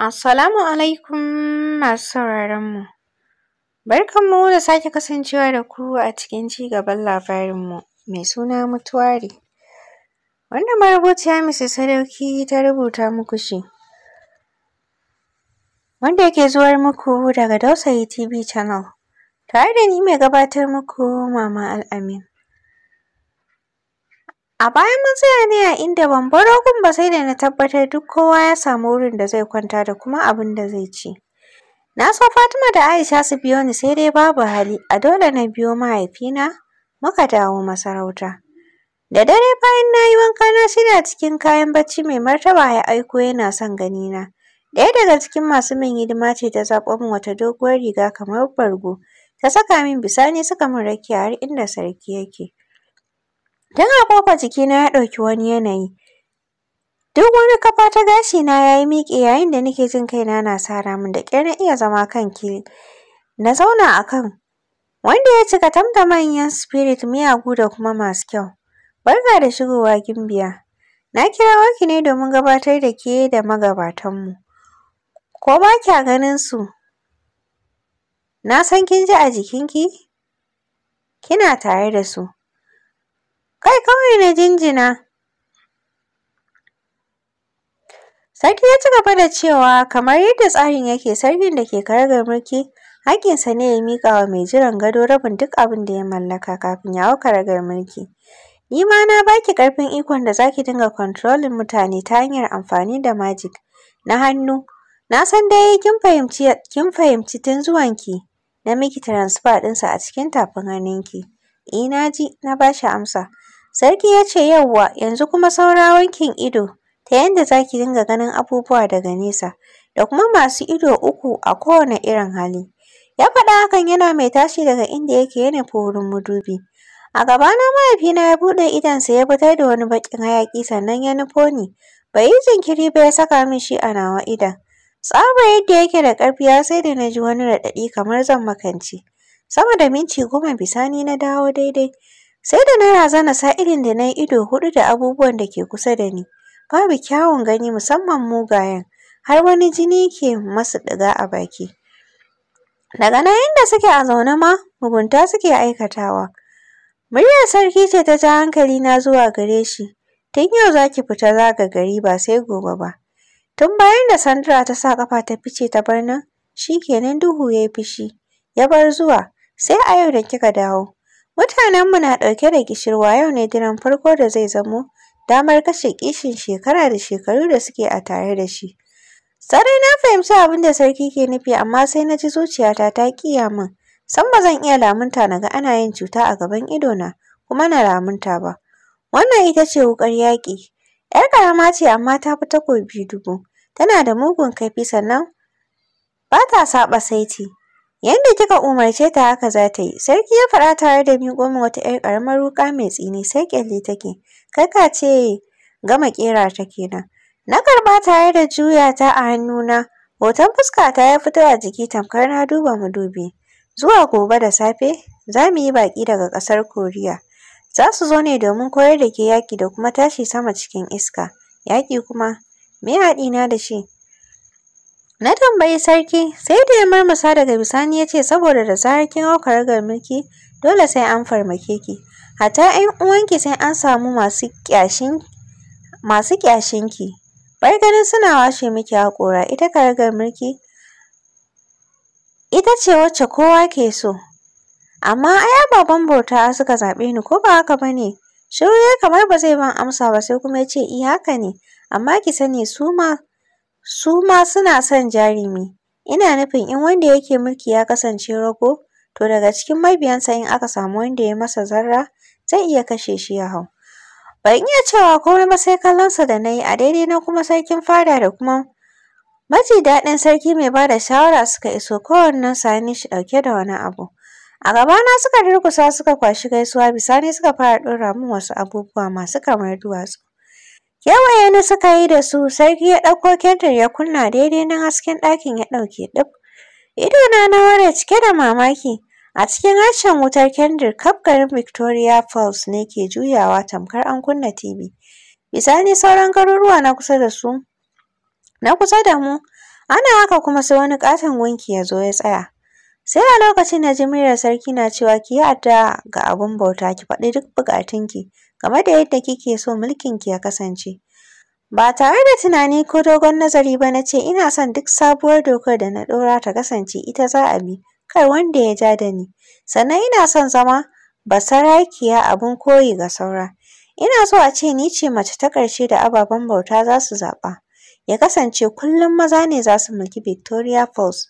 Assalamu alaikum masu mu. Barkan Barkanmu da sake kasancewa da ku a cikin ci cigaban labarinmu mai suna mutuwari. Wanda marubuciya Mrs. Sadauki ta rubuta muku shi. Wanda yake zuwar muku daga Dausayi TV Channel. Tare da ni mai gabatar muku Mama Al'amin. A bayan mun tsaya ne a inda ban bar ba sai da na tabbatar duk kowa ya samu wurin da zai kwanta da kuma abin da zai ci. Na so Fatima da Aisha su biyo ni sai dai babu hali, a dole na biyo mahaifina muka dawo masarauta. Da dare bayan na yi wanka na shirya cikin kayan bacci mai martaba ya aiko yana son ganina. Ɗaya daga cikin masu min hidima ce ta zaɓo min wata doguwar riga kamar bargo, ta saka min bisani suka min rakiya har inda sarki yake. don jiki na ya ɗauki wani yanayi. Duk wani kafa ta gashina ya yi miƙe yayin da nake jin kaina na sara min da ƙyar na iya zama kan kili. Na zauna a kan wanda ya cika tamta manyan spirit miyagu da kuma masu kyau. Barka da shigowa Gimbiya. Na kirawo ki ne domin gabatar da ke da magabatan mu Ko ba kya ganin su? Na san kin ji a jikinki? Kina tare da su. kai kawai na jinjina sarki ya ci gaba da cewa kamar yadda tsarin yake sarkin da ke karagar mulki haƙƙinsa ne ya miƙa wa mai jiran gado rabin duk abin da ya mallaka kafin ya hau karagar mulki ni ma na baki ƙarfin ikon da za ki dinga controlling mutane ta hanyar amfani da magic na hannu na san dai kin fahimci kin fahimci tun zuwanki na miki transfer ɗinsa a cikin tafin hannunki eh na ji na ba shi amsa sarki ya ce yauwa yanzu kuma saura wankin ido ta yadda za ki dinga ganin abubuwa daga nesa da kuma masu ido uku a kowane irin hali ya faɗa hakan yana mai tashi daga inda yake ya nufi wurin madubi a gabana mahaifina ya buɗe idonsa ya fitar da wani baƙin hayaƙi sannan ya nufo ni bai yi jinkiri ba ya saka min shi a nawa idon tsabar yadda yake da ƙarfi ya sai da na ji wani raɗaɗi kamar zan makance Sama da minti goma bisani na dawo daidai. Sai da na razana irin da na yi ido hudu da abubuwan da ke kusa da ni. Babu kyawun gani musamman mugayen. Har wani jini ke masu ɗiga a baki. Daga nan inda suke a zaune ma mugunta suke aikatawa. Muryar sarki ce ta ja hankali na zuwa gare shi. Tun yau za ki fita za ga gari ba sai gobe ba. Tun bayan da Sandra ta sa ƙafa ta fice ta bar nan, shi kenan duhu ya yi fushi, ya bar zuwa. sai a yau da kika dawo. Mutanenmu na ɗauke da gishirwa yau ne diran farko da zai zamo damar kashe kishin shekara da shekaru da suke a tare da shi. Sarai na fahimci abin da sarki ke nufi amma sai na ji zuciyata ta ƙiya min. San ba zan iya lamunta na ga ana yin cuta a gaban idona kuma na lamunta ba. Wannan ita ce wuƙar yaƙi. ‘Yar ƙarama ce amma ta fi takobi dubu. Tana da mugun kaifi sannan ba ta saɓa saiti. Yanda kika umarce ta haka za ta yi. Sarki ya faɗa tare da miƙo min wata 'yar ƙaramar wuƙa mai tsini sai ƙyalli take. Kai ka ce gama ƙera ta kenan. Na karɓa tare da juya ta a hannuna. Hoton fuskata ya fito a jiki tamkar na duba madubi. Zuwa gobe da safe za mu yi baƙi daga ƙasar Koriya. Za su zo ne domin koyar da ke yaƙi da kuma tashi sama cikin iska. Yaƙi kuma me haɗina da shi? Na tambayi sarki, sai da ya marmasa daga bisani ya ce saboda da zarar kin auka ga mulki, dole sai an farmake ki. Hata ‘yan uwanki sai an samu masu ƙyashin ki. ƙyashinki. Bar ganin suna washe miki haƙora, ita karagar mulki ita ce wacce kowa ke so. Amma ai ababen bauta suka zaɓe ni ko ba haka ba ne? Shiru kamar ba zai ban amsa ba sai kuma ya ce i eh, haka ne, amma ki sani su ma su ma suna son jarumi. Ina nufin in wanda yake mulki ya kasance rago, to daga cikin mabiyansa in aka samu wanda ya masa zarra, zai iya kashe shi ya hau. Ban iya cewa komai ba sai kallonsa da na yi a daidai na kuma sarkin fada da kuma maji daɗin sarki mai bada shawara suka iso kowannen sani shi ɗauke da wani abu. A gabana suka durkusa suka kwashi gaisuwa bisani suka fara ɗora min wasu abubuwa masu kamar duwatsu. Kewaye na suka yi da su, sarki ya ɗauko kendir ya kunna daidai na hasken ɗakin ya ɗauke ɗif. Idona na ware cike da mamaki. A cikin harshen wutar kendir kaf garin Victoria Falls ne ke juyawa tamkar an kunna TV. ni sauran garuruwa na kusa da su, na kusa da mu, ana haka kuma sai wani ƙaton gunki ya zo ya tsaya. Sai a lokacin na ji muryar sarki na cewa ki yi addu'a ga abin bauta ki faɗi duk buƙatunki game da yadda kike so mulkin ki ya kasance. Ba tare da tunani ko dogon nazari ba na ce ina son duk sabuwar dokar da na ɗora ta kasance ita za a bi, kar wanda ya ja da ni. Sannan ina son zama basarakiya abin koyi ga saura. Ina so a ce ni ce mace ta ƙarshe da ababen bauta za su zaɓa. Ya kasance kullum maza ne za su mulki Victoria Falls.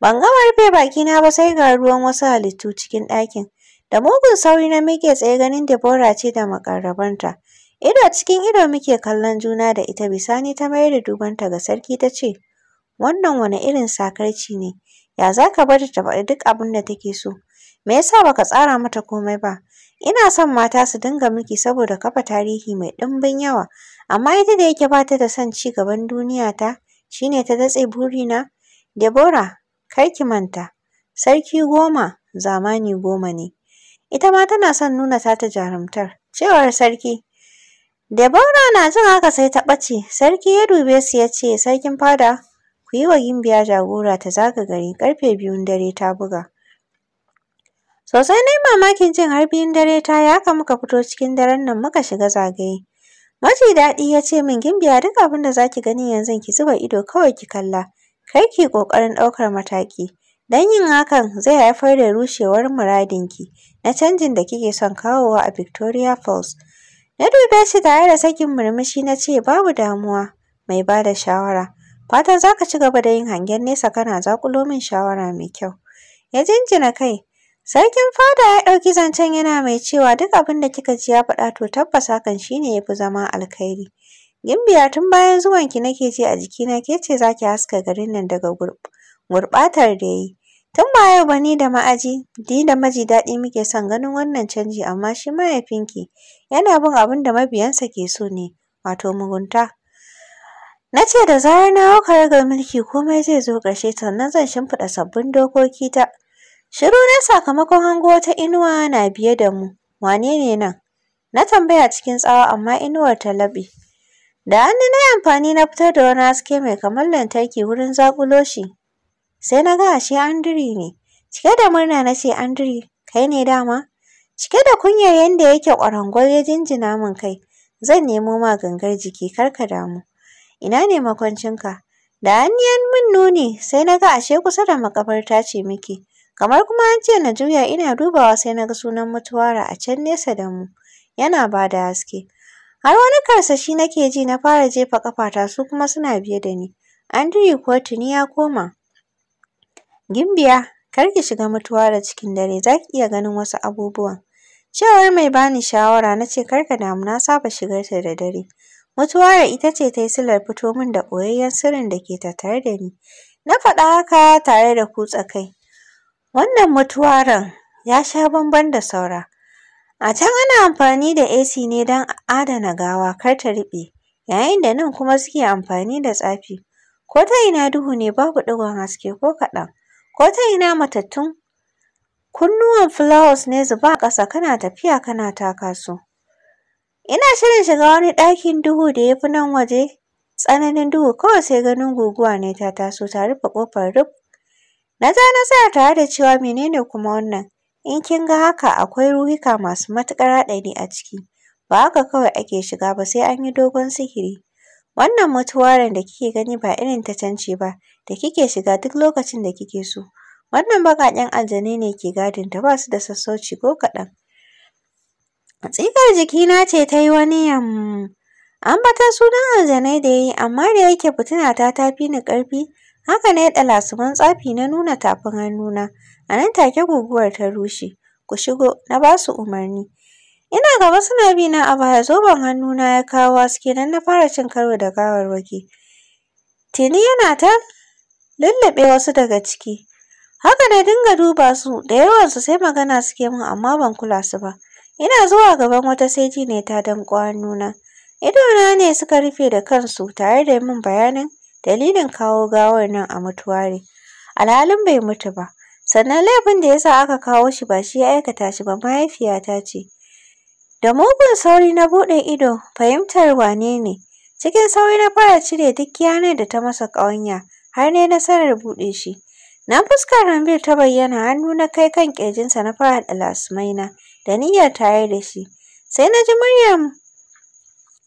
Ban gama rufe bakina ba sai ga ruwan wasu halittu cikin ɗakin. Da mugun sauri na mike tsaye ganin Deborah ce da makarrabanta. Ido cikin ido muke kallon juna da ita bisani ta mayar da dubanta ga sarki ta ce, Wannan wani irin sakarci ne, ya za ka bar ta faɗi duk abin da take so, me yasa baka tsara mata komai ba? Ina son mata su dinga miki saboda kafa tarihi mai ɗimbin yawa, amma ita da yake bata da son ci gaban duniya ta, shi ne ta datse burina. Deborah, kar ki manta, sarki goma zamani goma ne. ita ma tana son nuna tata jarumtar. Cewar sarki, Deborah na jin haka sai ta ɓace, sarki ya dube su ya ce, Sarkin fada, ku yi wa Gimbiya jagora ta zaga gari, Karfe biyun dare ta buga. Sosai na mamakin jin har biyun dare ta ya haka muka fito cikin daren nan muka shiga zagaye. Maji daɗi ya ce min Gimbiya duk abin da za ki gani yanzu ki zuba ido kawai ki kalla, kar ki ƙoƙarin ɗaukar mataki. dan yin hakan zai haifar da rushewar muradinki na canjin da kike son kawowa a Victoria Falls. Na dube shi tare da sakin murmushi na ce babu damuwa mai ba da shawara. Fatan za ka ci gaba da yin hangen nesa kana zaƙulo min shawara mai kyau. Ya jinjina kai. Sarkin fada ya ɗauki zancen yana mai cewa duk abin da kika ji ya faɗa to tabbas hakan shine ne ya fi zama alkhairi. Gimbiya tun bayan zuwanki nake ji a jikina ke ce za ki haska garin nan daga gurɓatar da yayi tun ba yau ba ni da ma'aji ni da maji daɗi muke son ganin wannan canji amma shi mahaifinki yana bin abun da mabiyansa ke so ne wato mugunta na ce da zarar na hau karagar mulki komai zai zo ƙarshe sannan zan shimfiɗa sabbin dokoki ta shiru na sakamakon hango wata inuwa na biye da mu wane ne nan na tambaya cikin tsawa amma inuwar ta laɓe da hannu na yi amfani na fitar da wani haske mai kamar lantarki wurin zaƙulo shi sai na ga ashe Andri ne. Cike da murna na ce Andri, kai ne dama? Cike da kunya yadda yake ƙwarangwar ya jinjina min kai, zan nemo ma gangar jiki kar ka damu. Ina ne makwancinka? Da hanniyan min nuni sai na ga ashe kusa da makabarta ce muke. Kamar kuma an ce na juya ina dubawa sai na ga sunan mutuwara a can nesa da mu. Yana ba da haske. Har wani karsashi nake ji na fara jefa kafata su kuma suna biye da ni. Andri kuwa tuni ya koma. Gimbiya kar ki shiga mutuwa da cikin dare za ki iya ganin wasu abubuwan. Cewar mai bani shawara na ce kar ka damu na saba shigar ta da dare. Mutuwa da ita ce ta yi silar fito min da ɓoyayyen sirrin da ke tattare da ni. Na faɗa haka tare da kutsa kai. Wannan mutuwaran ya sha bamban da saura. A can ana amfani da AC ne don adana gawa kar ta ruɓe, yayin da nan kuma suke amfani da tsafi. Ko ta ina duhu ne babu ɗigon haske ko kaɗan. ko ta ina matattun kunnuwan flowers ne zuba a ƙasa kana tafiya kana taka su ina shirin shiga wani ɗakin duhu da ya fi nan waje tsananin duhu kawai sai ganin guguwa ne ta taso ta rufe ƙofar ruf na ja na tsaya tare da cewa menene kuma wannan in kin ga haka akwai ruhika masu matuƙar haɗari a ciki ba haka kawai ake shiga ba sai an yi dogon sihiri Wannan mutuwarin da kike gani ba irin ta can ce ba da kike shiga duk lokacin da kike so. Wannan baƙaƙen aljanai ne ke gadin ta ba su da sassauci ko kaɗan. Tsigar jikina ce ta yi wani yam. Ambaton sunan aljanai da ya yi amma da yake fitinata ta fi ni ƙarfi haka na yaɗa lasuman tsafi na nuna tafin hannuna. A nan take guguwar ta rushe. Ku shigo na ba su umarni. Ina gaba suna bi na a baya zoben hannuna ya kawo haske don na fara cin karo da gawarwaki. Tini yana ta lullube wasu daga ciki. Haka na dinga duba su da yawansu sai magana suke min amma ban kula su ba. Ina zuwa gaban wata sai ne ta danƙo hannuna. Idona ne suka rufe da kansu tare da min bayanin dalilin kawo gawar nan a mutuwari. Alhalin bai mutu ba. Sannan laifin da yasa aka kawo shi ba shi ya aikata shi ba mahaifiyata ce. Da mugun sauri na buɗe ido, fahimtar wane ne. Cikin sauri na fara cire duk yanar da ta masa ƙawanya, har na nasarar buɗe shi. Na fuskar Ranbir ta bayyana hannu na kai kan ƙirjinsa na fara lasmaina da niyyar tare da shi. Sai na ji muryar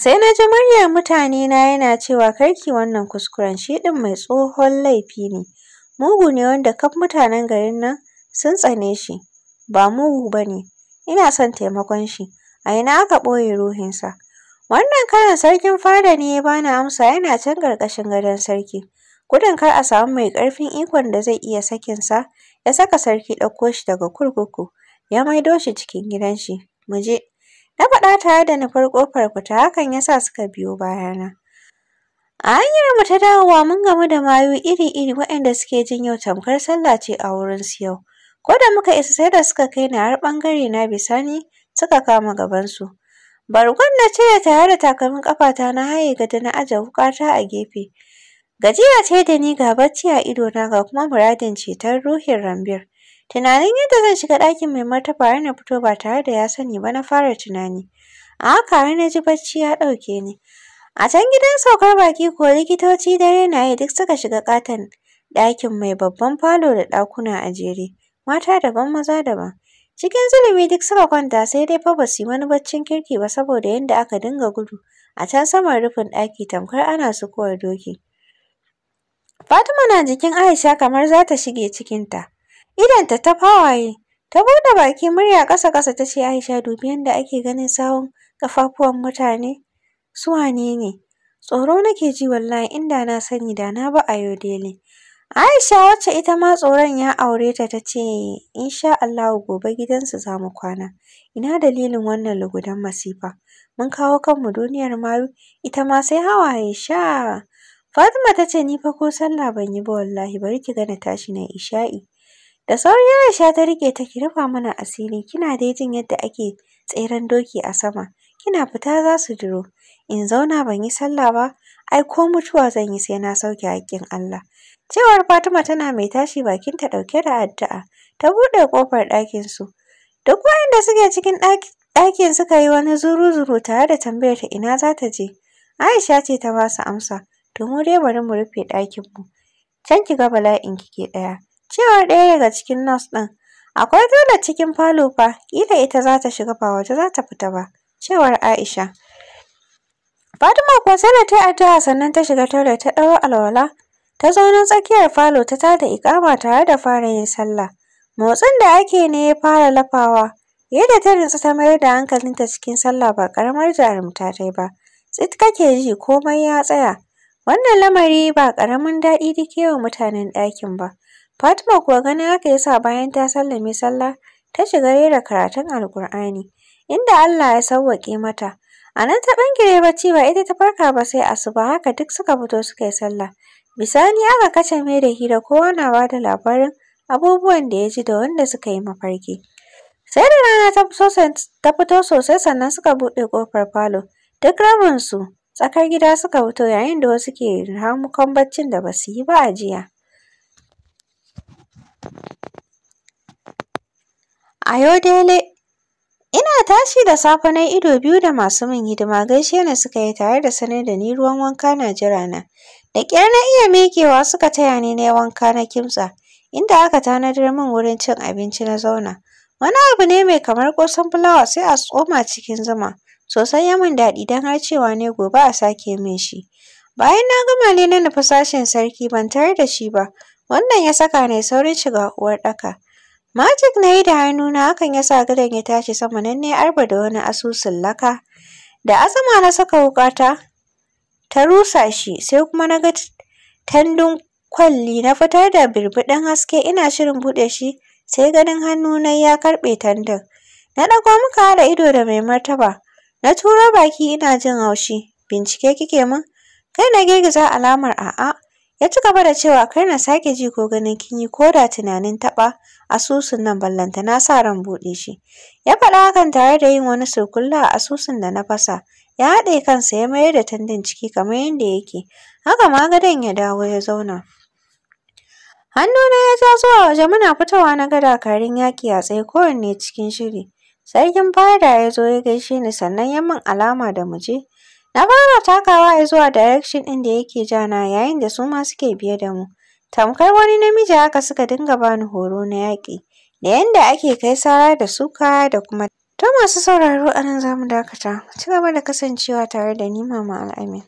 sai na mutanena yana cewa karki wannan kuskuren shi ɗin mai tsohon laifi ne. Mugu ne wanda kaf mutanen garin nan sun tsane shi, ba mugu ba ne. Ina son taimakon shi, a ina aka ɓoye ruhinsa. Wannan karan sarkin fada ne ya bani amsa yana can ƙarƙashin gadon sarki. Gudun kar a samu mai ƙarfin ikon da zai iya sakinsa, ya saka sarki ɗauko shi daga kurkuku, ya maido shi cikin gidan shi. Mu je. Na faɗa tare da nufar ƙofar fita, hakan ya sa suka biyo bayana. A hanyarmu ta dawowa mun gamu da mayu iri-iri waɗanda suke jin yau tamkar sallah ce a wurinsu yau. Ko da muka isa sai da suka kai ni har ɓangare na bisani suka kama gabansu. Bargon na cire tare da takalmin ƙafata na haye gado na aje wuƙata a gefe. Gajiya ce da ni ga bacci a idona ga kuma muradin ceton ruhin Rambir. Tunanin yadda zan shiga ɗakin mai martaba har na fito ba tare da ya sani ba na fara tunani. A haka har na ji bacci ya ɗauke ni. A can gidan saukar baki ko likitoci dare na yi duk suka shiga ƙaton ɗakin mai babban falo da ɗakuna a jere. Mata daban maza daban. Cikin zulumi duk suka kwanta sai dai fa basu yi wani baccin kirki ba saboda yadda aka dinga gudu a can saman rufin ɗaki tamkar ana sukuwar doki. Fatima na jikin Aisha kamar za ta shige cikinta. Idonta ta fawaye. Ta buɗe baki murya ƙasa-ƙasa ta ce Aisha dubi yadda ake ganin sawun kafafuwan mutane. Su wane ne? Tsoro nake ji wallahi inda na sani da na ba bi Ayodele. Aisha wacce ita ma tsoron ya aure ta ta ce insha Allahu gobe gidansu za mu kwana. Ina dalilin wannan lugudan masifa? Mun kawo kanmu duniyar mayu ita ma sai hawaye sha. Fatima ta ce ni fa ko sallah ban yi ba wallahi bari ki ga na tashi na isha'i. Da sauri Aisha ta rike ta ki rufa mana asiri kina dai jin yadda ake tseren doki a sama. kina fita za su jiro. In zauna ban yi sallah ba, ai ko mutuwa zan yi sai na sauke haƙƙin Allah. Cewar Fatima tana mai tashi bakinta ɗauke da addu'a, ta buɗe ƙofar ɗakinsu. Duk waɗanda suke cikin ɗakin suka yi wani zuru-zuru tare da tambayar ta ina za ta je. Aisha ce ta ba su amsa, to mu dai bari mu rufe ɗakin mu. Can ki ga bala'in kike ɗaya. Cewar ɗaya daga cikin nurse ɗin, akwai dole cikin falo fa, ƙila ita za ta shiga ba wata za ta fita ba. cewar Aisha. Fatima kuwa sai ta yi addu'a sannan ta shiga toilet ta ɗauro alwala ta zauna tsakiyar falo ta tada ikama tare da fara yin sallah. Motsin da ake ne ya fara lafawa yadda ta nutsu ta mayar da hankalinta cikin sallah ba karamar jarumta ta yi ba. Tsit kake ji komai ya tsaya. Wannan lamari ba karamin daɗi take wa mutanen ɗakin ba. Fatima kuwa ganin haka ya sa bayan ta sallame sallah ta shiga rera karatun Alƙur'ani. inda Allah ya sauwaƙe mata. A nan ta ɓangire bacci ba ita ta farka ba sai asuba haka duk suka fito suka yi sallah. Bisani aka kashe mai da hira kowa na ba da labarin abubuwan da ya ji da wanda suka yi mafarki. Sai da rana ta fito sosai sannan suka buɗe ƙofar falo. Duk rabinsu tsakar gida suka fito yayin da wasu ke ramukan baccin da ba su yi ba a jiya. Dele. Ina tashi da safe na ido biyu da masu min hidima gaishe ni suka yi tare da sanar da ni ruwan wanka na jira na. Da ƙyar na iya mekewa suka taya ni na yi wanka na kimtsa, inda aka tanadar min wurin cin abinci na zauna. Wani abu ne mai kamar ƙosan fulawa sai a tsoma cikin zuma, sosai ya min daɗi don har cewa ne gobe a sake min shi. Bayan na gama ne na nufi sashen sarki ban tare da shi ba, wannan ya saka na saurin shiga ɗaka. Magic na yi da hannuna hakan ya sa gadon ya tashi sama nan ne arba da wani asusun laka. Da azama na saka wuƙata ta rusa shi sai kuma na ga tandun kwalli na fitar da birbiɗin haske ina shirin buɗe shi sai ganin hannuna ya karɓe tandun. Na ɗago muka haɗa ido da mai martaba. Na turo baki ina jin haushi. Bincike kike min? Kai na girgiza alamar a'a. Ya ci gaba da cewa kar na sake ji ko ganin kin yi koda tunanin taɓa asusun nan ballanta na sa ran buɗe shi. Ya faɗa hakan tare da yin wani sukulla a asusun da na fasa. Ya haɗe kansa ya mayar da tandin ciki kamar yadda yake. Haka ma gadon ya dawo ya zauna. Hannuna ya ja zuwa waje muna fitowa na gada karin yaki a tsaye kowanne cikin shiri. Sarkin fada ya zo ya gaishe ni sannan ya min alama da muje. Na fara takawa zuwa direction ɗin da yake jana yayin da suma suke biye da mu. Tamkar wani namiji haka suka dinga bani horo na yaƙi da yanda ake kai sara da suka da kuma. To masu sauraro a nan za mu dakata. Ku ci gaba da kasancewa tare da ni Mama Al'amin.